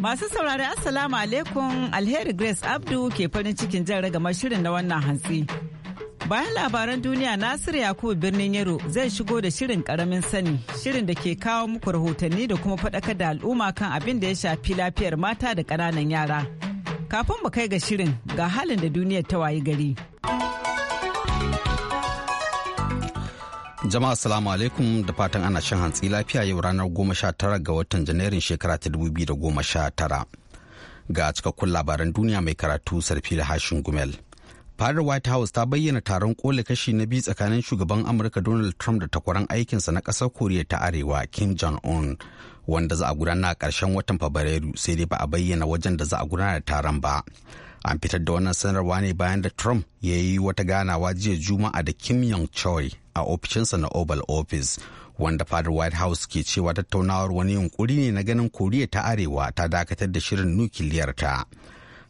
Masu saurari Assalamu alaikum Alheri Grace Abdu ke farin cikin jan ragamar shirin na wannan hantsi. Bayan labaran duniya Nasiru Yakubu birnin Yaro zai shigo da shirin karamin sani, shirin da ke kawo muku rahotanni da kuma faɗakar da al'umma kan abin da ya shafi lafiyar mata da ƙananan yara. Kafin mu kai ga shirin ga halin da duniyar ta wayi gari. Jama'a salamu alaikum da fatan ana shan hantsi lafiya yau ranar goma sha tara ga watan janairun shekara ta dubu biyu da goma sha tara. Ga cikakkun labaran duniya mai karatu sarfila hashin gumel. Fadar White House ta bayyana taron kole kashi na biyu tsakanin shugaban Amurka Donald Trump da takwaran aikinsa na ƙasar Koriya ta Arewa Kim Jong-un wanda za a gudana a ƙarshen watan Fabrairu sai dai ba a bayyana wajen da za a da taron ba. an fitar da wannan sanarwa ne bayan da trump ya yi wata ganawa jiya juma'a da kim yong choi a ofishinsa na oval office wanda fadar white house ke cewa tattaunawar wani yunkuri ne na ganin koriya ta arewa ta dakatar da shirin nukiliyar ta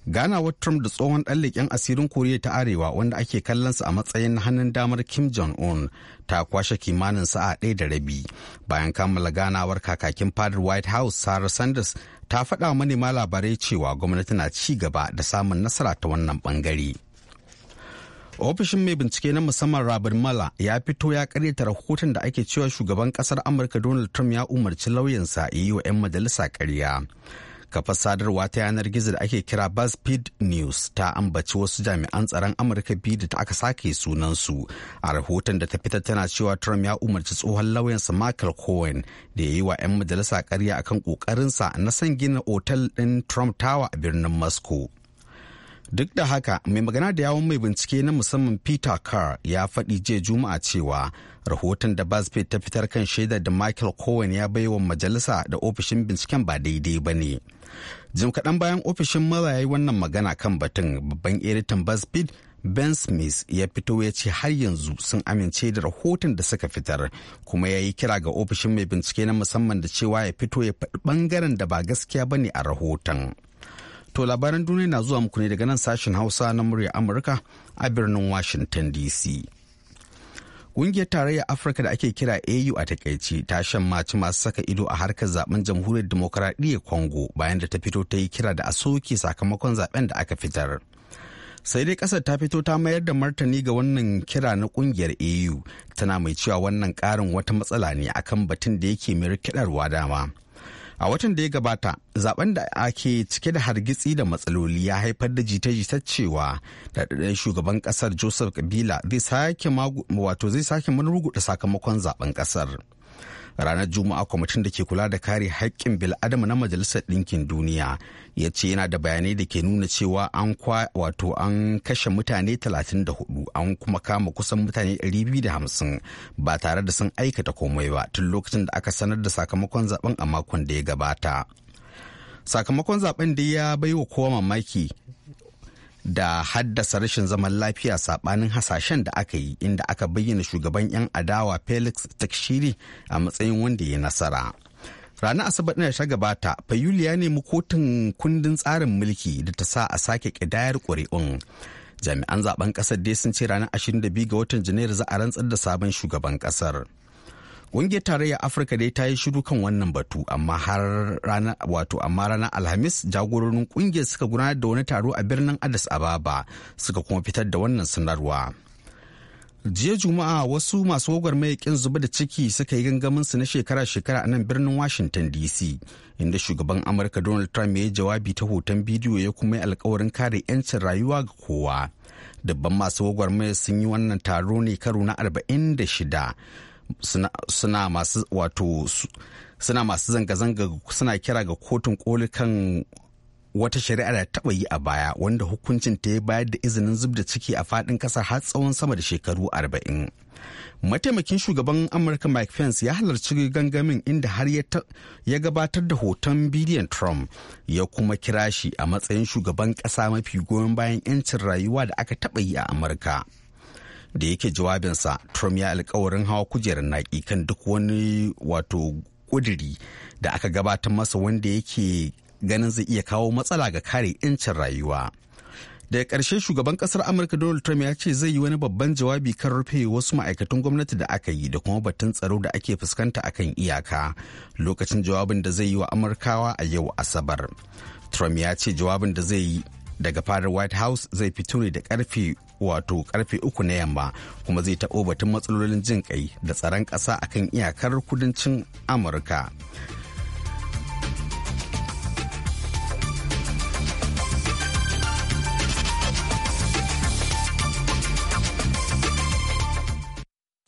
ganawar trump da tsohon ɗan leƙen asirin koriya ta arewa wanda ake kallonsa a matsayin hannun damar kim jong-un ta kwashe kimanin sa'a ɗaya da rabi bayan kammala ganawar kakakin fadar white house sarah sanders ta faɗa manema labarai cewa gwamnati na ci gaba da samun nasara ta wannan ɓangare. ofishin mai bincike na musamman Rabin mala ya fito ya karyata rahoton da ake cewa shugaban kasar amurka donald trump ya umarci lauyansa ya yi wa 'yan majalisa karya kafar sadarwa ta yanar gizo da ake kira buzzfeed news ta ambaci wasu jami'an tsaron amurka biyu da ta aka sake sunansu a rahoton da ta fitar tana cewa trump ya umarci tsohon lauyansa michael cohen da ya yi wa 'yan majalisa karya akan kokarinsa na san gina otal ɗin trump tower a birnin moscow Duk da haka, mai magana da yawon mai bincike na musamman Peter Carr ya faɗi jiya Juma'a cewa rahoton da Buzzfeed ta fitar kan shaidar da Michael Cohen ya baiwa majalisa da ofishin binciken ba daidai ba ne. Jim kaɗan bayan ofishin Miller ya yi wannan magana kan batun babban editan Buzzfeed Ben Smith ya fito ya ce har yanzu sun amince da rahoton da suka fitar kuma ya yi kira ga ofishin mai bincike na musamman da cewa ya fito ya faɗi ɓangaren da ba gaskiya ba ne a rahoton. To labaran duniya na zuwa muku ne daga nan sashen Hausa na murya Amurka a birnin Washington DC. Ƙungiyar tarayyar Afirka da ake kira AU a takaici ta shammaci masu saka ido a harkar zaben jamhuriyar demokaradiyyar Congo bayan da ta fito ta yi kira da a soke sakamakon zaben da aka fitar. sai dai kasar ta fito ta mayar da martani ga wannan kira na kungiyar au tana mai cewa wannan karin wata matsala ne akan batun da yake mai rikidarwa dama a watan da ya gabata zaben da ake cike da hargitsi da matsaloli ya haifar da jita-jita cewa daɗaɗɗen shugaban ƙasar joseph kabila zai sake wato zai sake da sakamakon zaben ƙasar. ranar juma'a kwamitin da ke kula da kare haƙƙin bil'adama na majalisar ɗinkin duniya ya ce yana da bayanai da ke nuna cewa an wato an kashe mutane 34 an kuma kama kusan mutane 250 ba tare da sun aikata komai ba tun lokacin da aka sanar da sakamakon zaben a makon da ya gabata sakamakon zaben da ya baiwa kowa mamaki da haddasa rashin zaman lafiya sabanin hasashen da aka yi inda aka bayyana shugaban 'yan adawa felix takshiri a matsayin wanda ya nasara ranar asabar da ta gabata fayuli ne nemi kotun kundin tsarin mulki da ta sa a sake kidayar ƙuri'un jami'an zaben ƙasar dai sun ce ranar 22 ga watan janairu za a rantsar da sabon shugaban ƙasar Ƙungiyar tarayyar Afirka dai ta yi shiru kan wannan batu amma har rana wato amma ranar Alhamis jagororin ƙungiyar suka gudanar da wani taro a birnin Addis Ababa suka kuma fitar da wannan sanarwa. jiya juma'a wasu masu gwagwarmaya kin zuba da ciki suka yi gangamin su na shekara-shekara a nan birnin washington dc inda shugaban amurka donald trump ya yi jawabi ta hoton bidiyo ya kuma yi alkawarin kare 'yancin rayuwa ga kowa dabban masu gwagwarmaya sun yi wannan taro ne karo na 46 suna masu wato suna masu zanga-zanga suna kira ga kotun koli kan wata shari'a da taɓa yi a baya wanda hukuncin ta ya bayar da izinin zub da ciki a faɗin ƙasa har tsawon sama da shekaru arba'in. mataimakin shugaban amurka mike pence ya halarci gangamin inda har ya gabatar da hoton bidiyon trump ya kuma kira shi a matsayin shugaban ƙasa mafi goyon bayan 'yancin rayuwa da aka taɓa yi a amurka. da yake jawabinsa trump ya alkawarin hawa kujerar naki kan duk wani wato kuduri da aka gabatar masa wanda yake ganin zai iya kawo matsala ga kare 'yancin rayuwa daga ƙarshe shugaban ƙasar amurka donald trump ya ce zai yi wani babban jawabi kan rufe wasu ma'aikatan gwamnati da aka yi da kuma batun tsaro da ake fuskanta akan iyaka lokacin jawabin da zai yi wa amurkawa a yau asabar trump ya ce jawabin da zai yi daga fadar white house zai fito ne da karfe wato karfe uku na yamma kuma zai taɓo batun matsalolin jin kai da tsaron ƙasa akan iyakar kudancin amurka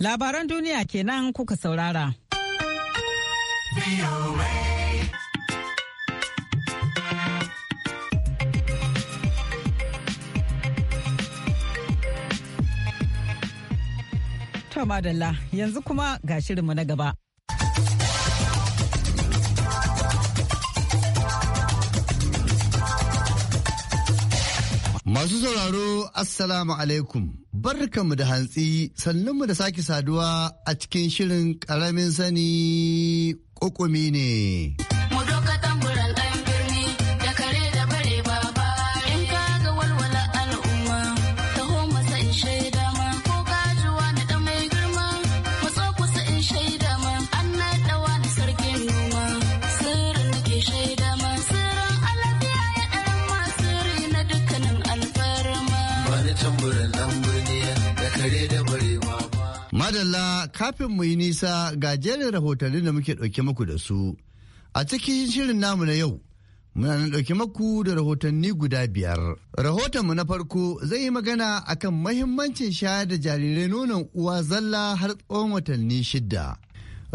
labaran duniya kenan kuka saurara. Barka madalla yanzu kuma ga shirinmu na gaba. Masu sauraro Assalamu alaikum, mu da hantsi sannunmu da sake saduwa a cikin shirin ƙaramin sani ƙoƙumi ne. kafin mu yi nisa ga jerin rahotannin da muke ɗauke muku da su. A cikin shirin namu na yau, muna nan ɗauke muku da rahotanni guda biyar. Rahotonmu na farko zai yi magana akan mahimmancin shayar da jarirai nonon uwa zalla har tsawon watanni shidda.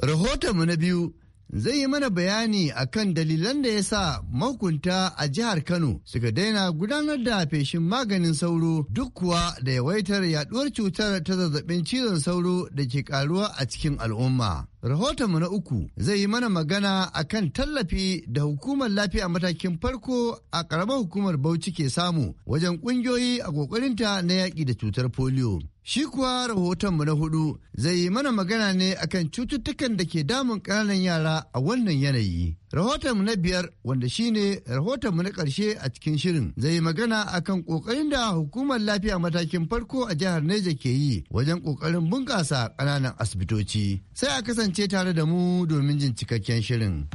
Rahotonmu na biyu zai yi mana bayani a kan dalilan da ya sa mahukunta a jihar Kano suka daina gudanar da feshin maganin sauro duk kuwa da yawaitar yaduwar cutar ta zazzabin cizon sauro da ke karuwa a cikin al'umma. Rahotonmu na uku zai yi mana magana a kan tallafi da hukumar lafiya matakin farko a ƙaramar hukumar Bauchi ke samu wajen ƙungiyoyi a ƙoƙarinta na yaƙi da cutar polio. Shi kuwa rahotonmu na hudu zai yi mana magana ne akan cututtukan da ke damun ƙananan yara a wannan yanayi. Rahotonmu na biyar wanda shi ne rahotonmu na ƙarshe a cikin shirin zai yi magana akan ƙoƙarin da hukumar lafiya matakin farko a jihar Neja ke yi wajen ƙoƙarin bunƙasa ƙananan asibitoci. Sai a kasance tare da mu domin jin cikakken shirin.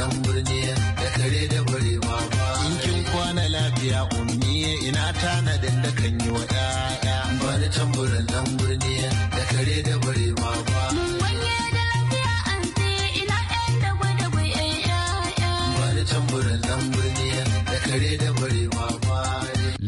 matan birni da kare da barewa ba in kin kwana lafiya ummi ina tanadin da kan yi wa ɗaya ba tamburin nan birni da kare da barewa ba ba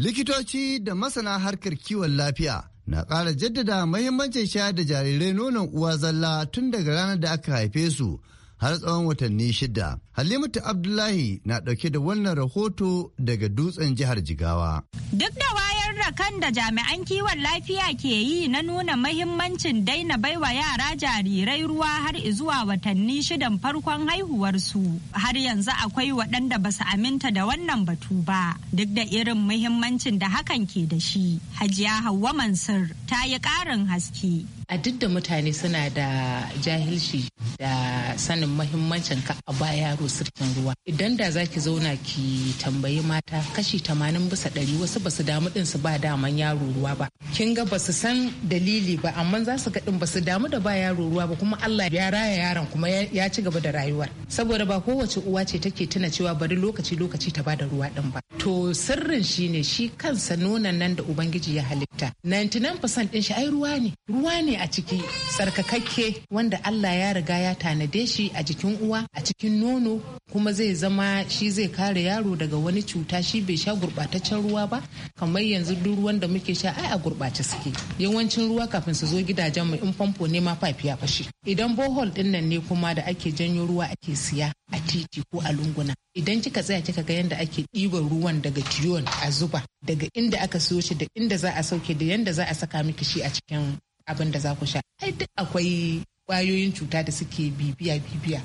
likitoci da masana harkar kiwon lafiya na ƙara jaddada mahimmancin shayar da jarirai nonon uwa zalla tun daga ranar da aka haife su har tsawon watanni shida Halimatu Abdullahi na ɗauke da wannan rahoto daga dutsen jihar Jigawa. Duk da wayar da kan da jami'an kiwon lafiya ke yi na nuna mahimmancin daina baiwa yara jarirai ruwa har zuwa watanni shidan farkon haihuwarsu. Har yanzu akwai waɗanda ba su aminta da wannan batu ba, duk da irin mahimmancin da hakan ke da shi. Hajiya Hauwa Mansur ta yi ƙarin haske. a duk da mutane suna da jahilci da sanin mahimmancin ka a baya ko sirkin ruwa idan da zaki zauna ki tambayi mata kashi tamanin bisa ɗari wasu ba su damu din su ba daman yaro ruwa ba kin ga ba su san dalili ba amma za su ga din su damu da ba yaro ruwa ba kuma Allah ya raya yaron kuma ya ci gaba da rayuwar saboda ba kowace uwa ce take tuna cewa bari lokaci lokaci ta bada ruwa din ba to sirrin shine shi kansa nonon nan da ubangiji ya halitta 99% din shi ai ruwa ne ruwa ne a ciki sarkakakke wanda Allah ya riga ya tanade shi a jikin uwa a cikin nono kuma zai zama shi zai kare yaro daga wani cuta shi bai sha gurɓataccen ruwa ba kamar yanzu duk ruwan da muke sha ai a gurbace suke yawancin ruwa kafin su zo gidajen mu in famfo ne ma fafi ya fashi idan bohol din nan ne kuma da ake janyo ruwa ake siya a titi ko a lunguna idan kika tsaya kika ga yadda ake ɗiban ruwan daga tiyon a zuba daga inda aka siyo shi da inda za a sauke da yanda za a saka miki shi a cikin abin da za ku sha ai duk akwai kwayoyin cuta da suke bibiya bibiya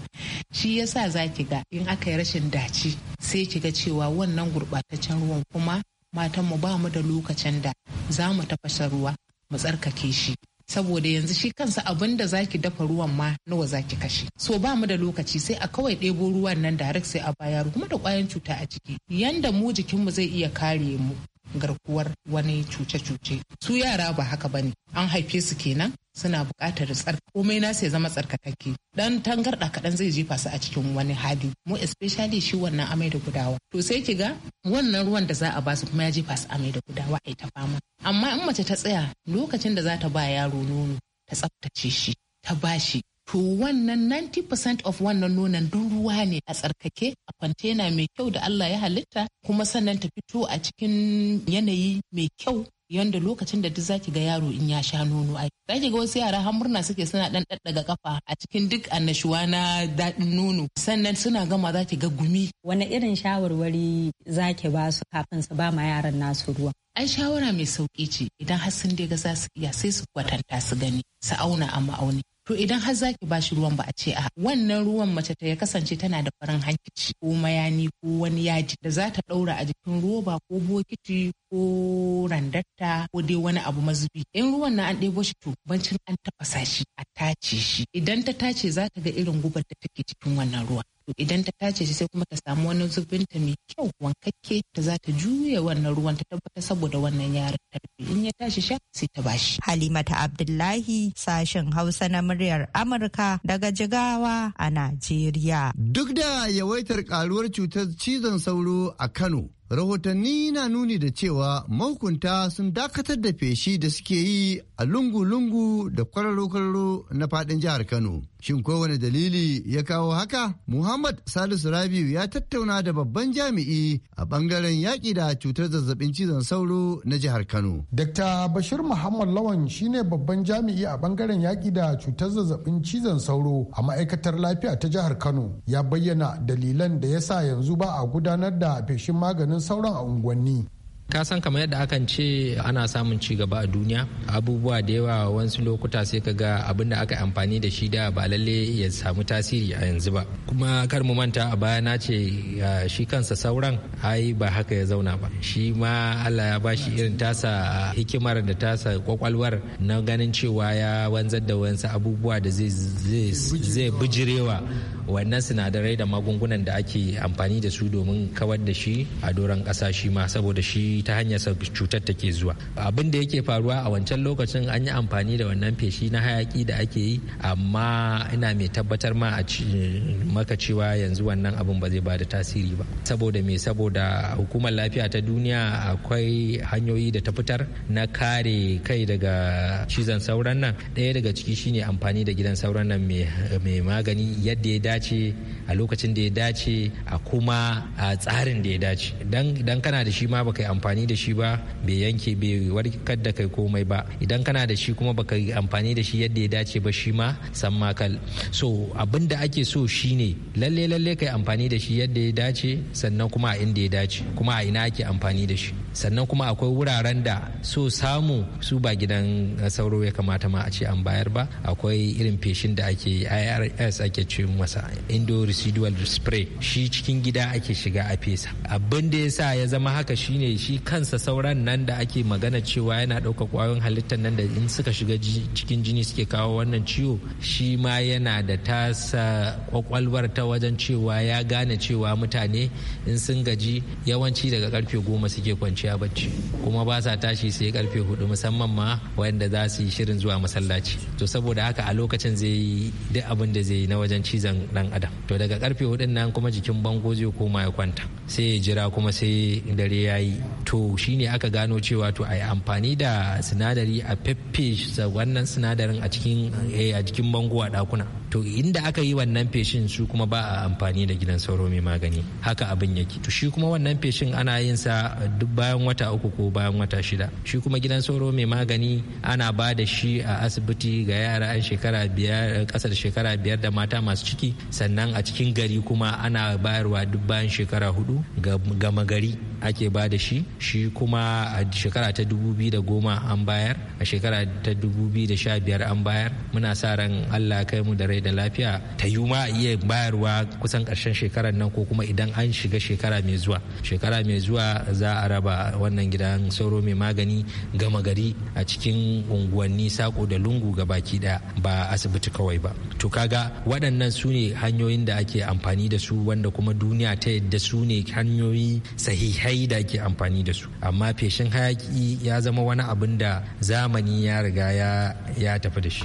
shi yasa za ki ga in aka yi rashin daci sai ki ga cewa wannan gurɓataccen ruwan kuma matanmu ba mu da lokacin da za mu tafasa ruwa mu tsarkake shi saboda yanzu shi kansa abin da ki dafa ruwan ma nawa za ki kashe so ba mu da lokaci sai a kawai ɗebo ruwan nan direct sai a bayar kuma da kwayan cuta a ciki yanda mu jikinmu zai iya kare mu garkuwar wani cuce-cuce su yara ba haka ba ne. an haife su kenan suna bukatar tsarka komai nasu ya zama tsarkakakke dan tangarɗa kaɗan zai jefa su a cikin wani hali mu especially shi wannan amai da gudawa to sai ki ga wannan ruwan da za a basu kuma ya jefa su amai da gudawa a ta fama amma in mace ta tsaya lokacin da za ta ba yaro nono ta tsaftace shi ta bashi to wannan 90% of wannan nonon don ruwa ne a tsarkake a kwantena mai kyau da Allah ya halitta kuma sannan ta fito a cikin yanayi mai kyau yanda lokacin da duk zaki ga yaro in ya sha nono ai zaki ga wasu yara har murna suke suna dan daddaga kafa a cikin duk annashuwa na dadin nono sannan suna gama zaki ga gumi wani irin shawarwari zaki ba su kafin su ba ma yaran nasu ruwa An shawara mai sauki ce idan har sun dai ga za su iya sai su kwatanta su gani su auna a ma'auni to idan har zaki ba shi ruwan ba a ce a wannan ruwan mace ta ya kasance tana da farin hankici ko mayani ko wani yaji da za ta daura a jikin roba ko bokiti ko randatta ko dai wani abu mazubi in ruwan na an ɗebo shi to bancin an tafasa shi a tace shi idan ta tace za ta ga irin gubar da take cikin wannan ruwan. idan ta tace shi sai kuma ta samu wani zubinta mai kyau wankakke ta za ta juya wannan ruwan ta tabbata saboda wannan yaran tarbi in ya tashi sha sai ta bashi halimata abdullahi sashen hausa na muryar amurka daga jigawa a najeriya duk da yawaitar karuwar cutar cizon sauro a kano rahotanni na nuni da cewa mahukunta sun dakatar da feshi da suke yi a lungu-lungu da kwararo-kwararo na fadin jihar kano shin kowane dalili ya kawo haka muhammad salisu rabiu ya tattauna da babban jami'i a bangaren yaƙi da cutar zazzabin cizon sauro na jihar kano dr bashir muhammad lawan shine babban jami'i a bangaren yaƙi da cutar zazzabin cizon sauro a ma'aikatar lafiya ta jihar kano ya bayyana dalilan da ya sa yanzu ba a gudanar da feshin maganin tsakanin sauran a unguwanni ka san kamar yadda akan ce ana samun ci gaba a duniya abubuwa da yawa wasu lokuta sai ka ga abin da aka amfani da shi da ba lalle ya samu tasiri a yanzu ba kuma kar mu manta a baya na ce shi kansa sauran ai ba haka ya zauna ba shi ma Allah ya bashi irin tasa hikimar da tasa kwakwalwar na ganin cewa ya wanzar da wasu abubuwa da zai bijirewa wannan sinadarai da magungunan da ake amfani da su domin kawar da shi a doron ƙasa shi ma saboda shi ta hanyar cutar take zuwa abin da yake faruwa a wancan lokacin an yi amfani da wannan feshi na hayaki da ake yi amma ina mai tabbatar ma a maka cewa yanzu wannan abin ba zai bada tasiri ba saboda me saboda hukumar lafiya ta duniya akwai hanyoyi da ta fitar na kare kai daga cizon sauran nan ɗaya daga ciki shine amfani da gidan sauran nan mai magani yadda ya dace dace a lokacin da ya dace a kuma a tsarin da ya dace idan kana da shi ma baka yi amfani da shi ba bai yanke bai warkar da kai komai ba idan kana da shi kuma baka yi amfani da shi yadda ya dace ba shi ma san makal so abin da ake so shi shine lalle lalle kai amfani da shi yadda ya dace sannan kuma a inda ya dace kuma a ina ake amfani da shi sannan kuma akwai wuraren da so samu su ba gidan eh, sauro ya kamata ma a ce an bayar ba akwai irin feshin da ake irs ake ce masa indo residual spray shi cikin gida ake shiga a fesa abin da ya sa ya zama haka shine shi kansa sauran nan da ake magana cewa yana ɗauka kwayoyin halittar nan da in suka shiga cikin jini suke kawo wannan ciwo shi ma yana da tasa kwakwalwar ta wajen cewa ya gane cewa mutane in sun gaji yawanci daga karfe goma suke kwanciya kwanciya bacci kuma ba sa tashi sai karfe hudu musamman ma wayanda za su yi shirin zuwa masallaci to saboda haka a lokacin zai yi duk abin da zai yi na wajen cizon dan adam to daga karfe hudu nan kuma jikin bango zai koma ya kwanta sai ya jira kuma sai dare ya yi to shine aka gano cewa to a yi amfani da sinadari a peppish wannan sinadarin a cikin eh, a jikin bango a dakuna to inda aka yi wannan feshin su kuma ba a amfani da gidan sauro mai magani haka abin yake to shi kuma wannan feshin ana yin sa duk bayan wata uku ko bayan wata shida shi kuma gidan sauro mai magani ana ba da shi a asibiti ga yara an shekara biyar kasar shekara biyar da mata masu ciki sannan a cikin gari kuma ana bayarwa duk bayan shekara hudu gama gari ake ba da shi shi kuma a shekara ta dubu biyu da goma an bayar a shekara ta dubu biyu da sha biyar an bayar muna sa ran allah kai mu da rai rai da lafiya ta yi ma iya bayarwa kusan karshen shekarar nan ko kuma idan an shiga shekara mai zuwa shekara mai zuwa za a raba wannan gidan sauro mai magani gama gari a cikin unguwanni sako da lungu ga baki daya ba asibiti kawai ba to kaga waɗannan su ne hanyoyin da ake amfani da su wanda kuma duniya ta yadda su ne hanyoyi sahihai da ake amfani da su amma feshin hayaki ya zama wani abin da zamani ya riga ya tafi da shi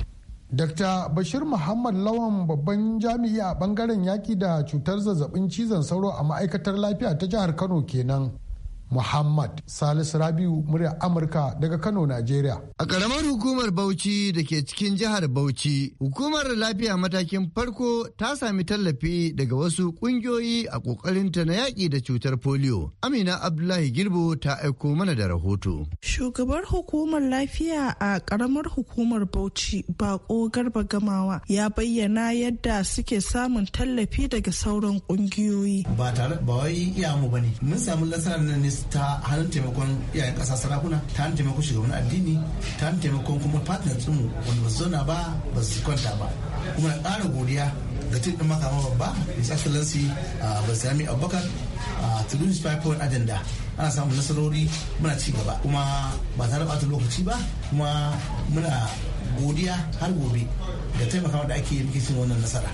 Dr. Bashir Muhammad Lawan babban jami'i a bangaren yaki da cutar zazzabin cizon sauro a ma'aikatar lafiya ta jihar Kano kenan. Muhammad Salisu Rabiu murya Amurka daga Kano, Najeriya. A ƙaramar hukumar Bauchi da ke cikin jihar Bauchi, hukumar lafiya matakin farko ta sami tallafi daga wasu ƙungiyoyi a ƙoƙarinta na yaƙi da cutar polio. Amina Abdullahi Girbo ta aiko mana da rahoto. Shugabar hukumar lafiya a ƙaramar hukumar Bauchi, Bako Garba Gamawa, ya bayyana yadda suke samun tallafi daga sauran ƙungiyoyi. Ba tare ba wai iyamu bane. Mun samu nasarar nan ne ta hannun taimakon ya'yan ƙasa sarakuna ta hannun taimakon shugaban addini ta hannun taimakon kuma partner ɗinmu wanda ba su zauna ba ba su kwanta ba kuma na ƙara godiya ga tun ɗin makama babba his excellency basirami abubakar through his five point agenda ana samun nasarori muna ci gaba kuma ba tare ɓata lokaci ba kuma muna godiya har gobe da taimaka da ake yi cikin wannan nasara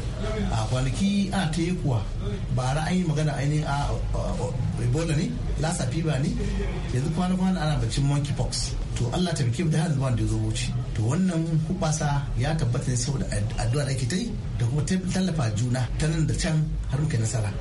a kwanaki ana ta yi kuwa ba ra'ayi magana ainihin a ebola ne lasa fiba ne yanzu kwana kwana ana bacin monkey pox to allah ta bikin da har zuwa da ya zo wuce to wannan hubasa ya tabbata ne saboda addu'a da ake ta yi da kuma tallafa juna ta nan da can har muke nasara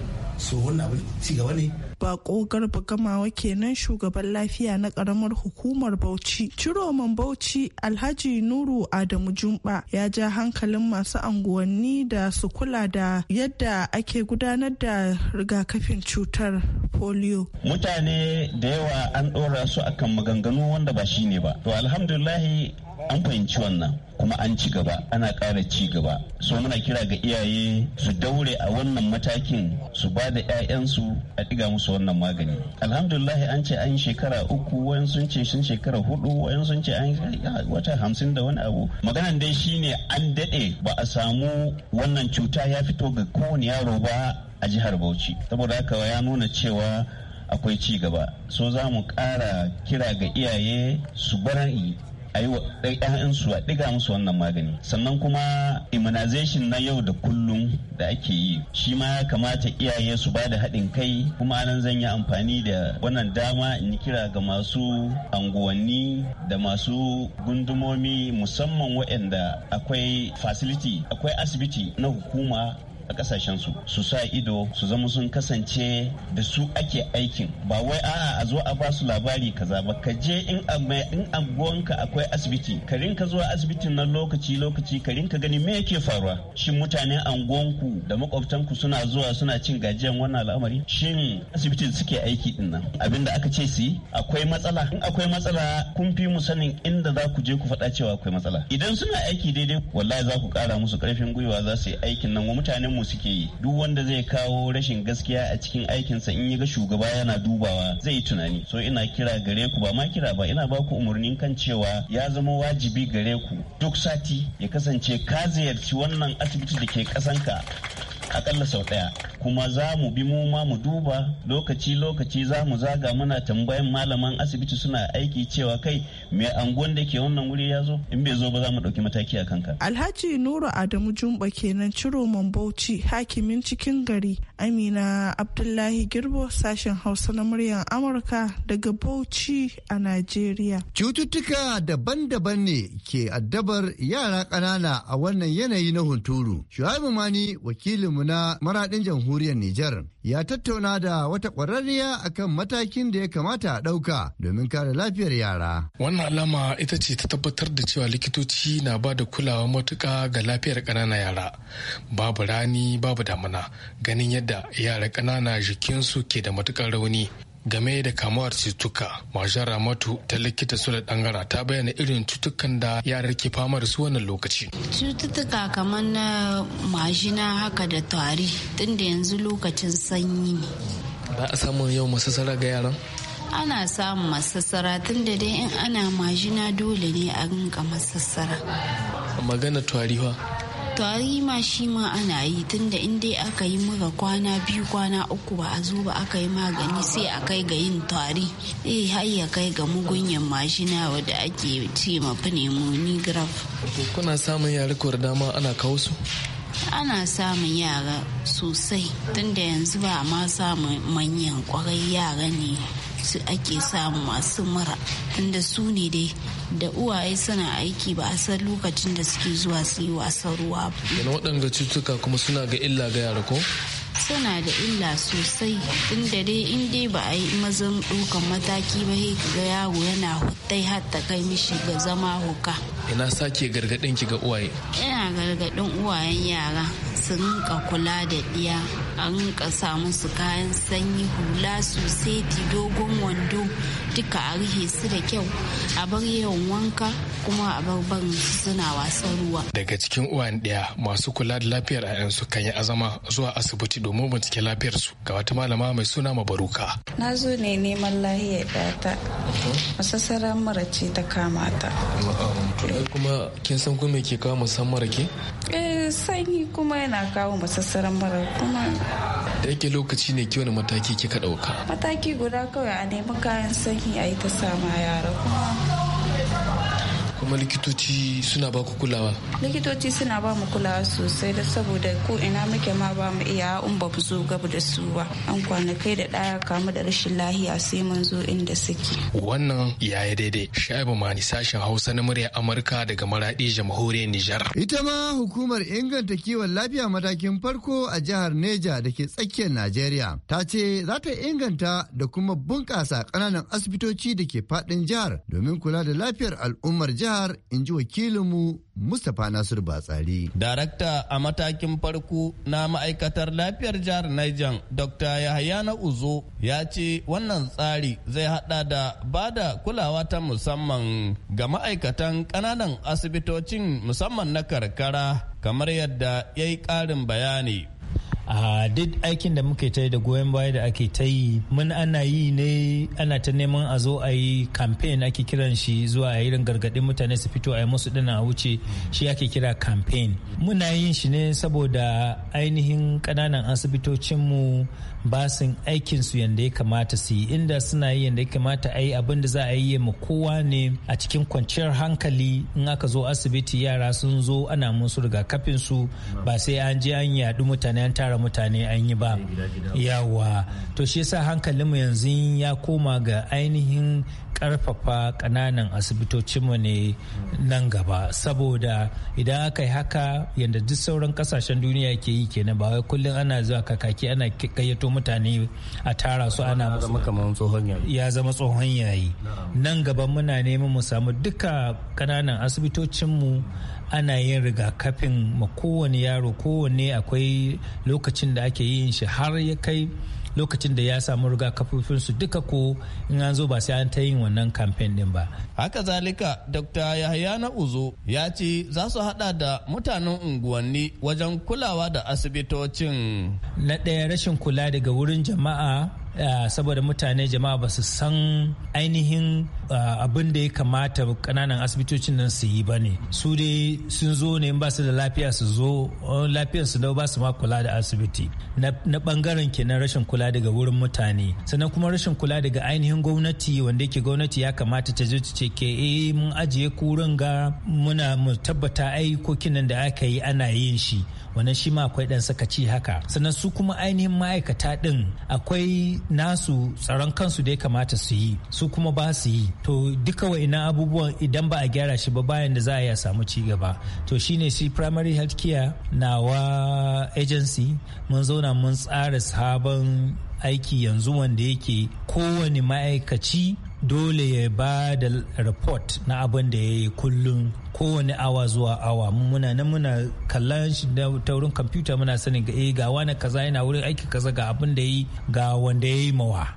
so wannan abin ci gaba ne bako garba gamawa kenan shugaban lafiya na karamar hukumar bauchi ciroman bauchi alhaji nuru adamu jumba ya ja hankalin masu anguwanni da su kula da yadda ake gudanar da rigakafin cutar polio mutane da yawa an ɗora su akan maganganu wanda ba shi ne ba to alhamdulahi an fahimci wannan kuma an ci gaba ana ƙara ci gaba so muna kira ga iyaye su daure a wannan matakin su ba da 'ya'yansu a ɗiga musu wannan magani alhamdulillah an ce an shekara uku wayan sun ce sun shekara hudu wayan sun ce an wata hamsin da wani abu maganan dai shine an daɗe ba a samu wannan cuta ya fito ga kowane yaro ba a jihar bauchi saboda haka ya nuna cewa akwai ci gaba so za mu ƙara kira ga iyaye su bar a yi wa ‘ya'yansu a ɗiga musu wannan magani sannan kuma immunization na yau da kullum da ake yi shi ma ya kamata iyaye su ba da haɗin kai kuma nan zan yi amfani da wannan dama in yi kira ga masu anguwanni da masu gundumomi musamman waɗanda akwai facility akwai asibiti na hukuma a kasashen su su sa ido su zama sun kasance da su ake aikin ba wai a a zo a ba labari kaza ba ka je in in anguwanka akwai asibiti ka rinka zuwa asibitin na lokaci lokaci ka rinka gani me yake faruwa shin mutanen anguwanku da makwabtanku suna zuwa suna cin gajiyan wannan al'amari shin asibitin suke aiki din nan abinda aka ce su yi akwai matsala in akwai matsala kun fi mu sanin inda za ku je ku faɗa cewa akwai matsala idan suna aiki daidai wallahi za ku ƙara musu ƙarfin gwiwa za su yi aikin nan wa mutanen mu suke yi duk wanda zai kawo rashin gaskiya a cikin aikinsa in ya ga shugaba yana dubawa zai yi tunani so ina kira gare ku ba ma kira ba ina baku umarnin kan cewa ya zama wajibi gare ku duk sati ya kasance ka ziyarci wannan asibiti da ke kasanka akalla sau ɗaya kuma za mu bi muma mu duba lokaci-lokaci za mu zaga muna tambayan malaman asibiti suna aiki cewa kai me angon da ke wannan wuri ya zo in bai zo ba za mu ɗauki mataki a kanka. alhaji nura adamu jumba kenan ciro bauchi hakimin cikin gari amina abdullahi girbo sashen hausa na muryar amurka daga bauchi a nigeria. cututtuka daban-daban ne ke addabar yara kanana a wannan yanayi na hunturu shuhaibu mani wakilin mu na maradin jamhuriyar Nijar ya tattauna da wata ƙwararriya akan matakin da ya kamata a ɗauka domin kare lafiyar yara. Wannan alama ita ce ta tabbatar da cewa likitoci na ba da kulawa matuƙa ga lafiyar ƙanana yara. Babu rani babu damuna ganin yadda yara ƙanana jikinsu ke da matuƙar rauni game da kamuwar cututtuka mashin ramatu ta likita da dangara ta bayyana irin cututtukan da yarar ke fama da su wannan lokaci cututtuka kamar na mashina haka da tari tunda yanzu lokacin sanyi ne ba a samu yau masassara ga yaran ana samun masassara tunda dai in ana mashina dole ne a rinka masassara magana tari fa tari ma shi ma ana yi tunda in dai aka yi mura kwana biyu kwana uku ba a zo ba aka yi magani sai a kai ga yin tari eh har ya kai ga mugunyan mashina wadda ake ce ma graph kuna samun yarukwar dama ana kawo su ana samun yara sosai tunda yanzu ba ma samun manyan kwarai yara ne su ake samu masu mura inda su ne dai da uwaye suna aiki ba a san lokacin da suke zuwa su yi wasan ruwa ba. waɗanda cutuka kuma suna ga illa ga yara ko? suna da illa sosai inda dai in dai ba a yi mazan ɗaukan mataki ba sai ga yawo yana hutai har ta kai mishi ga zama huka. Ina sake gargaɗin ki ga uwaye? Ina gargaɗin uwayen yara su rinka kula da ɗiya an kasa musu kayan sanyi hula sosai dogon wando duka a rihe su da kyau a bar yawan wanka kuma a bar barin suna wasan ruwa daga cikin uwan ɗaya masu kula da lafiyar ayansu kan yi azama zuwa asibiti domin bincike su ga wata malama mai suna mabaruka na zo ne neman lahiyar ɗata masassarar mara ce ta kamata kuma kin san kuma ke kawo musamman rake? Eh sanyi kuma yana kawo masassaran mara kuma. Da yake lokaci ne kiwon mataki kika ɗauka? Mataki guda kawai a nemi kayan sanyi a yi ta sama yara kuma kuma likitoci suna ba ku kulawa likitoci suna ba mu kulawa sosai da saboda ko ina muke ma ba mu iya in ba zo gaba da su ba an kwanakai da ɗaya kamu da rashin lahiya sai mun zo inda suke wannan ya yi daidai shaibu mani sashen hausa na murya amurka daga maraɗi jamhuriyar nijar ita ma hukumar inganta kiwon lafiya matakin farko a jihar neja da ke tsakiyar najeriya ta ce za ta inganta da kuma bunƙasa ƙananan asibitoci da ke faɗin jihar domin kula da lafiyar al'ummar jihar jihar in ji wakilinmu Mustapha Nasiru Batsari. Darakta a matakin farko na ma'aikatar lafiyar jihar Niger Dr. Yahaya na Uzo ya ce wannan tsari zai hada da ba da kulawa ta musamman ga ma'aikatan ƙananan asibitocin musamman na karkara kamar yadda ya yi ƙarin bayani. a duk aikin da muke ta yi da goyon baya da ake ta yi mun ana yi ne ana ta neman a zo a yi campaign ake kiran shi zuwa a irin gargaɗin mutane su fito a yi musu dana a wuce shi ake kira campaign muna yin shi ne saboda ainihin ƙananan asibitocinmu basin aikin su yanda ya kamata su yi inda suna yi yanda ya kamata a abin da za a yi ma kowa ne a cikin kwanciyar hankali in aka zo asibiti yara sun zo ana musu rigakafin su ba sai an je an yaɗu mutane an tara mutane an yi ba yawa to shi yasa mu yanzu ya koma ga ainihin karfafa kananan asibitocinmu ne nan gaba saboda idan aka yi haka yadda duk sauran kasashen duniya ke yi kenan ba wai kullum ana zuwa kakaki ana kayyato gayyato mutane a tara su ana ya zama tsohon yayi nan gaba muna neman mu samu duka kananan mu ana yin rigakafin ma kowane yaro kowane akwai lokacin da ake yin shi har ya kai lokacin da ya samu su duka ko in an zo ba sai an ta yin wannan kamfen din ba. Haka zalika Dr. Yahaya na Uzo ya ce za su hada da mutanen unguwanni wajen kulawa da asibitocin. Na ɗaya rashin kula daga wurin jama'a Eh, saboda mutane jama'a ba su san ainihin eh, abin da ya kamata kananan asibitocin nan su yi ba ne su dai sun zo ne ba su da lafiya su zo eh, lafiyar su ba su ma kula da asibiti na bangaren kenan rashin kula daga wurin mutane sannan kuma rashin kula daga ainihin gwamnati wanda yake gwamnati ya kamata ta zo ta ce ke eh mun ajiye kurin ga muna mu tabbata aikokin nan da aka yi ana yin shi wannan shi ma akwai dan sakaci haka sannan su kuma ainihin ma'aikata din akwai nasu tsaron kansu da ya kamata su yi su kuma ba su yi to duka wa'ina abubuwan idan ba a gyara shi ba bayan da za a yi a samu cigaba gaba to shine shi primary health care nawa agency mun zauna mun tsara sabon aiki yanzu wanda yake kowane ma'aikaci dole ya ba da report na abin da ya yi kullum kowane awa zuwa awa muna nan muna kallon shi da taurin kwamfuta muna sanin ga eh, ga wani kaza yana wurin aiki kaza ga abin da ya yi ga wanda ya yi mawa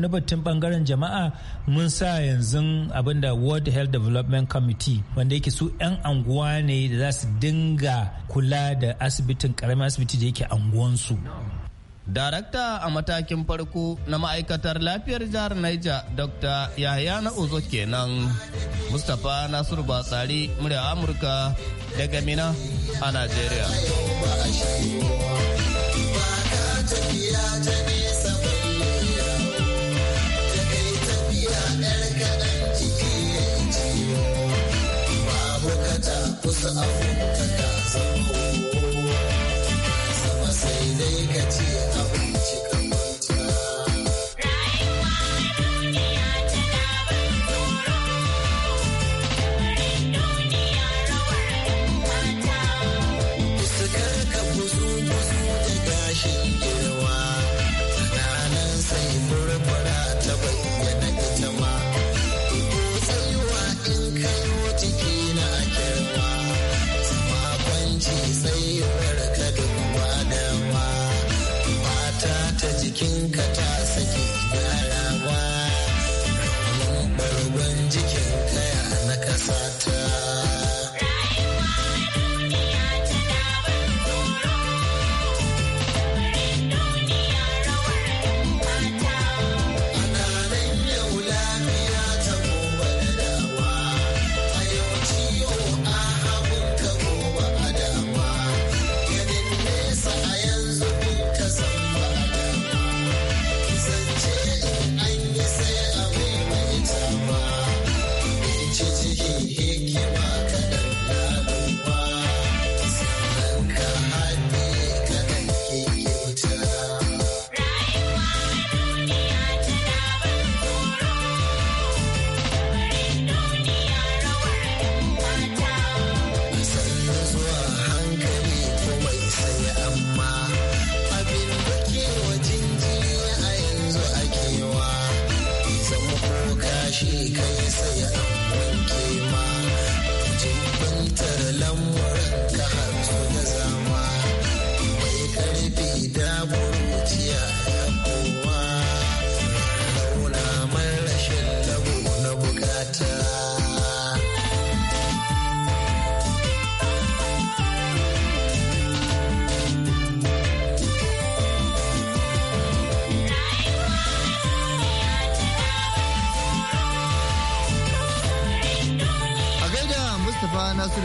na batun bangaren jama'a mun sa yanzu abin da world health development committee wanda yake su 'yan anguwa ne da za su dinga kula da asibitin karamin asibiti da yake anguwansu Darakta a matakin farko na ma'aikatar lafiyar jihar Naija Dr. Yahaya na Uzo kenan. Mustapha Nasiru Batsari murya Amurka daga Mina a Najeriya. Yeah. kashe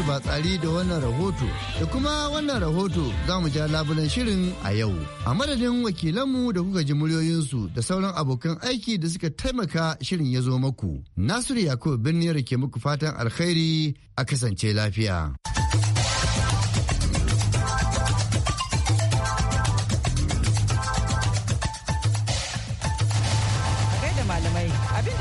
ba tsari da wannan rahoto. Da kuma wannan rahoto za mu ja labulan shirin a yau. A madadin wakilanmu da kuka ji muryoyinsu da sauran abokan aiki da suka taimaka shirin ya zo maku. Nasiru Yakubu Birniyar ke muku fatan alkhairi a kasance lafiya.